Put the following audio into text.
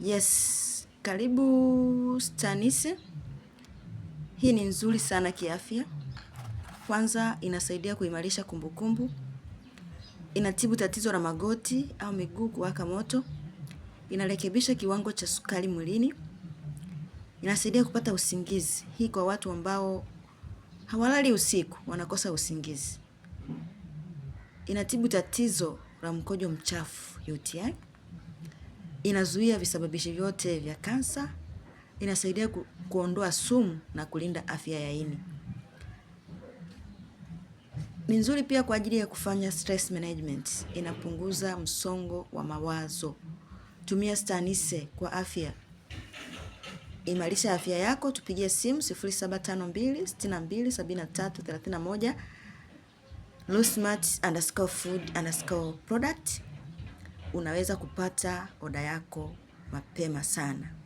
Yes, karibu Stanis. Hii ni nzuri sana kiafya. Kwanza inasaidia kuimarisha kumbukumbu, inatibu tatizo la magoti au miguu kuwaka moto, inarekebisha kiwango cha sukari mwilini, inasaidia kupata usingizi. Hii kwa watu ambao hawalali usiku, wanakosa usingizi. Inatibu tatizo la mkojo mchafu UTI inazuia visababishi vyote vya kansa, inasaidia ku, kuondoa sumu na kulinda afya ya ini. Ni nzuri pia kwa ajili ya kufanya stress management, inapunguza msongo wa mawazo. Tumia stanise kwa afya, imarisha afya yako. Tupigie simu 0752627331 product unaweza kupata oda yako mapema sana.